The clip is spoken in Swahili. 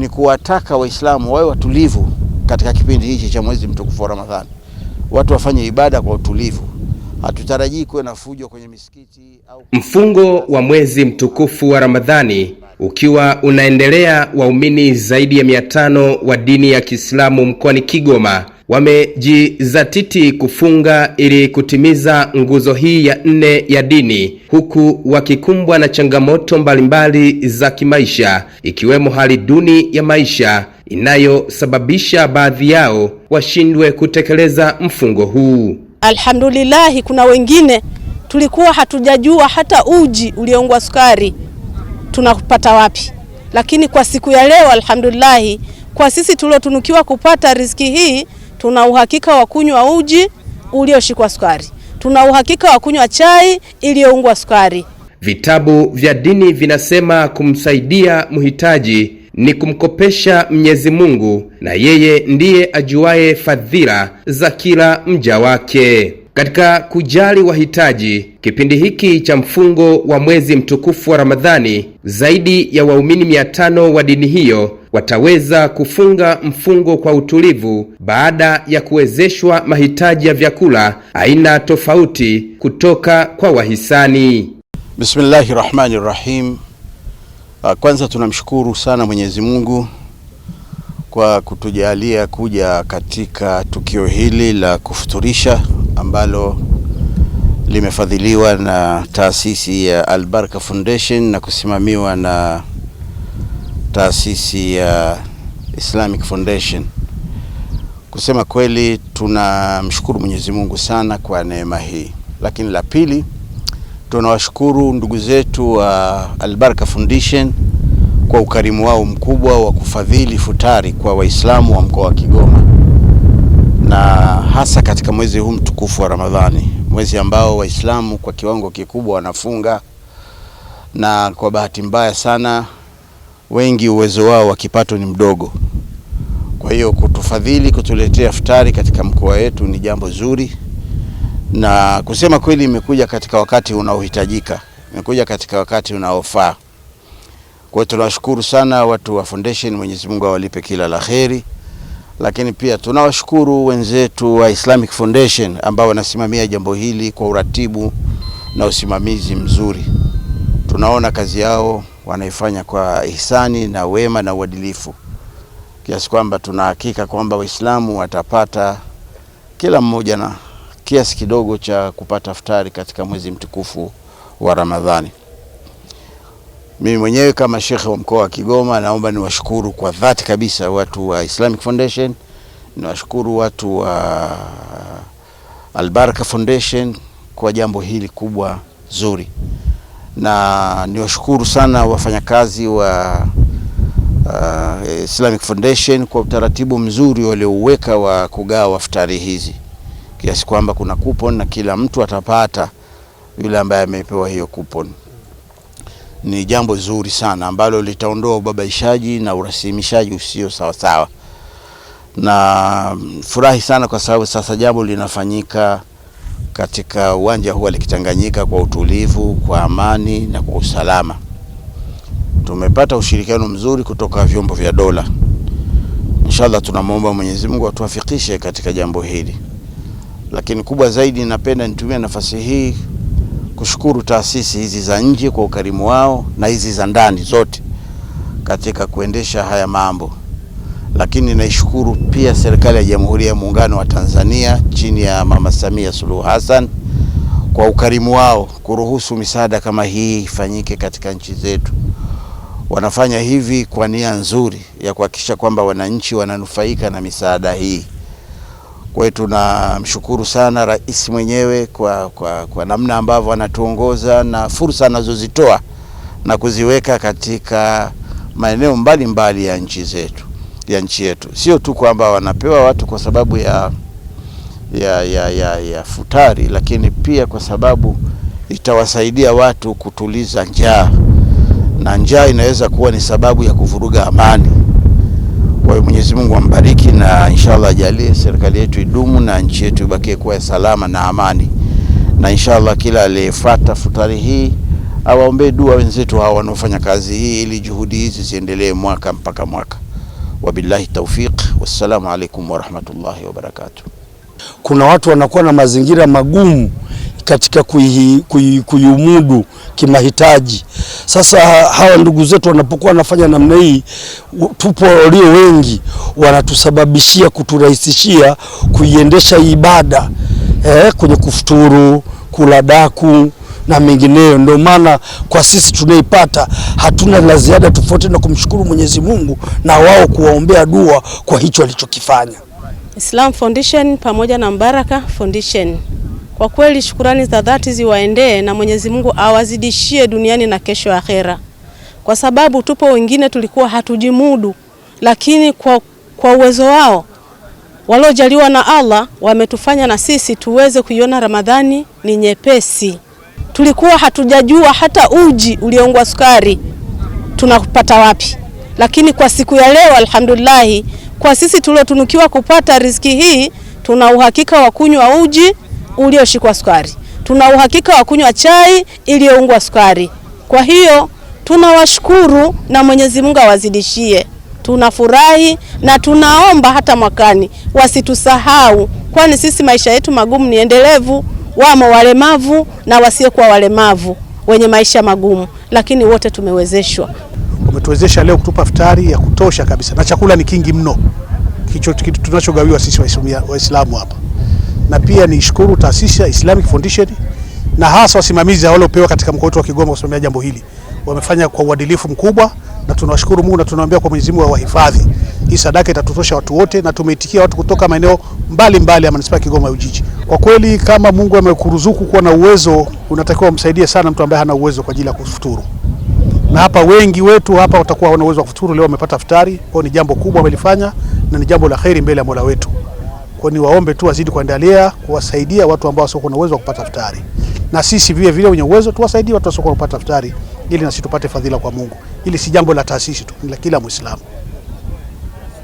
ni kuwataka Waislamu wawe watulivu katika kipindi hichi cha mwezi mtukufu wa Ramadhani. Watu wafanye ibada kwa utulivu, hatutarajii kuwe na fujo kwenye misikiti au... Mfungo wa mwezi mtukufu wa Ramadhani ukiwa unaendelea, waumini zaidi ya mia tano wa dini ya Kiislamu mkoani Kigoma wamejizatiti kufunga ili kutimiza nguzo hii ya nne ya dini, huku wakikumbwa na changamoto mbalimbali za kimaisha, ikiwemo hali duni ya maisha inayosababisha baadhi yao washindwe kutekeleza mfungo huu. alhamdulilahi kuna wengine tulikuwa hatujajua hata uji uliongwa sukari tunapata wapi, lakini kwa siku ya leo alhamdulillahi, kwa sisi tuliotunukiwa kupata riski hii Tuna uhakika wa kunywa uji ulioshikwa sukari, tuna uhakika wa kunywa chai iliyoungwa sukari. Vitabu vya dini vinasema kumsaidia mhitaji ni kumkopesha Mwenyezi Mungu, na yeye ndiye ajuaye fadhila za kila mja wake katika kujali wahitaji. Kipindi hiki cha mfungo wa mwezi mtukufu wa Ramadhani, zaidi ya waumini 5 wa dini hiyo wataweza kufunga mfungo kwa utulivu baada ya kuwezeshwa mahitaji ya vyakula aina tofauti kutoka kwa wahisani. Bismillahi rahmani rahim. Ah, kwanza tunamshukuru sana Mwenyezi Mungu kwa kutujalia kuja katika tukio hili la kufuturisha ambalo limefadhiliwa na taasisi ya albarka Foundation na kusimamiwa na taasisi ya Islamic Foundation. Kusema kweli, tunamshukuru Mwenyezi Mungu sana kwa neema hii, lakini la pili, tunawashukuru ndugu zetu wa albarka Foundation kwa ukarimu wao mkubwa wa kufadhili futari kwa Waislamu wa mkoa wa Kigoma na hasa katika mwezi huu mtukufu wa Ramadhani, mwezi ambao Waislamu kwa kiwango kikubwa wanafunga, na kwa bahati mbaya sana wengi uwezo wao wa kipato ni mdogo. Kwa hiyo kutufadhili, kutuletea iftari katika mkoa wetu ni jambo zuri, na kusema kweli imekuja katika wakati unaohitajika, imekuja katika wakati unaofaa. Kwa hiyo tunawashukuru sana watu wa foundation, Mwenyezi Mungu awalipe kila la kheri lakini pia tunawashukuru wenzetu wa Islamic Foundation ambao wanasimamia jambo hili kwa uratibu na usimamizi mzuri. Tunaona kazi yao wanaifanya kwa ihsani na wema na uadilifu kiasi kwamba tunahakika kwamba Waislamu watapata kila mmoja na kiasi kidogo cha kupata iftari katika mwezi mtukufu wa Ramadhani. Mimi mwenyewe kama shekhe wa mkoa wa Kigoma naomba niwashukuru kwa dhati kabisa watu wa Islamic Foundation, niwashukuru watu wa Albaraka Foundation kwa jambo hili kubwa zuri, na niwashukuru sana wafanyakazi wa uh, Islamic Foundation kwa utaratibu mzuri waliouweka wa kugawa waftari hizi, kiasi kwamba kuna coupon na kila mtu atapata yule ambaye amepewa hiyo coupon ni jambo zuri sana ambalo litaondoa ubabaishaji na urasimishaji usio sawasawa, na furahi sana kwa sababu sasa jambo linafanyika katika uwanja huu Alikitanganyika kwa utulivu, kwa amani na kwa usalama. Tumepata ushirikiano mzuri kutoka vyombo vya dola. Inshallah, tunamwomba Mwenyezi Mungu atuafikishe katika jambo hili, lakini kubwa zaidi, napenda nitumie nafasi hii kushukuru taasisi hizi za nje kwa ukarimu wao na hizi za ndani zote katika kuendesha haya mambo, lakini naishukuru pia serikali ya Jamhuri ya Muungano wa Tanzania chini ya Mama Samia Suluhu Hassan kwa ukarimu wao kuruhusu misaada kama hii ifanyike katika nchi zetu. Wanafanya hivi kwa nia nzuri ya kuhakikisha kwamba wananchi wananufaika na misaada hii. Kwa hiyo tunamshukuru sana rais mwenyewe kwa, kwa, kwa namna ambavyo anatuongoza na fursa anazozitoa na kuziweka katika maeneo mbalimbali ya nchi zetu ya nchi yetu, sio tu kwamba wanapewa watu kwa sababu ya, ya, ya, ya, ya futari, lakini pia kwa sababu itawasaidia watu kutuliza njaa, na njaa inaweza kuwa ni sababu ya kuvuruga amani. Kwa hiyo Mwenyezi Mungu ambariki na inshallah ajalie serikali yetu idumu na nchi yetu ibakie kuwa salama na amani, na inshallah kila aliyefuata futari hii awaombee dua wenzetu hao wanaofanya kazi hii, ili juhudi hizi ziendelee mwaka mpaka mwaka. Wabillahi taufiq, wassalamu alaikum warahmatullahi wabarakatuh. Kuna watu wanakuwa na mazingira magumu katika kuihi, kui, kuiumudu kimahitaji. Sasa hawa ndugu zetu wanapokuwa wanafanya namna hii, tupo walio wengi wanatusababishia kuturahisishia kuiendesha ibada eh, kwenye kufuturu, kula daku na mengineyo. Ndio maana kwa sisi tunaipata, hatuna la ziada tofauti na kumshukuru Mwenyezi Mungu na wao kuwaombea dua kwa hicho walichokifanya. Islam Foundation pamoja na Mbaraka Foundation. Kwa kweli shukurani za dhati ziwaendee na Mwenyezi Mungu awazidishie duniani na kesho akhera, kwa sababu tupo wengine tulikuwa hatujimudu, lakini kwa, kwa uwezo wao waliojaliwa na Allah wametufanya na sisi tuweze kuiona Ramadhani ni nyepesi. Tulikuwa hatujajua hata uji uliongwa sukari tunapata wapi, lakini kwa siku ya leo alhamdulillahi, kwa sisi tuliotunukiwa kupata riziki hii tuna uhakika wa kunywa uji ulioshikwa sukari, tuna uhakika wa kunywa chai iliyoungwa sukari. Kwa hiyo tunawashukuru na Mwenyezi Mungu awazidishie. Tunafurahi na tunaomba hata mwakani wasitusahau, kwani sisi maisha yetu magumu ni endelevu. Wamo walemavu na wasiokuwa walemavu wenye maisha magumu, lakini wote tumewezeshwa. Wametuwezesha leo kutupa futari ya kutosha kabisa, na chakula ni kingi mno, kicho tunachogawiwa sisi Waislamu hapa na pia nishukuru taasisi ya Islamic Foundation na hasa wasimamizi waliopewa katika mkoa wetu wa Kigoma kusimamia jambo hili. Wamefanya kwa uadilifu mkubwa na tunawashukuru Mungu na tunaombea kwa Mwenyezi Mungu awahifadhi. Hii sadaka itatutosha watu wote na tumeitikia watu kutoka maeneo mbalimbali ya manispaa ya Kigoma Ujiji. Kwa kweli kama Mungu amekuruzuku kuwa na uwezo, unatakiwa umsaidie sana mtu ambaye hana uwezo kwa ajili ya kufuturu. Na hapa wengi wetu hapa watakuwa wana uwezo wa kufuturu, leo wamepata futari, kwa ni jambo kubwa wamelifanya na ni jambo la kheri mbele ya Mola wetu. Kwa ni waombe tu wazidi kuendelea kuwasaidia watu ambao wasiokuwa na uwezo wa kupata futari, na sisi vile vile wenye uwezo tuwasaidie watu wasiokuwa kupata futari, ili na sisi tupate fadhila kwa Mungu. Hili si jambo la taasisi tu, ni la kila Muislamu.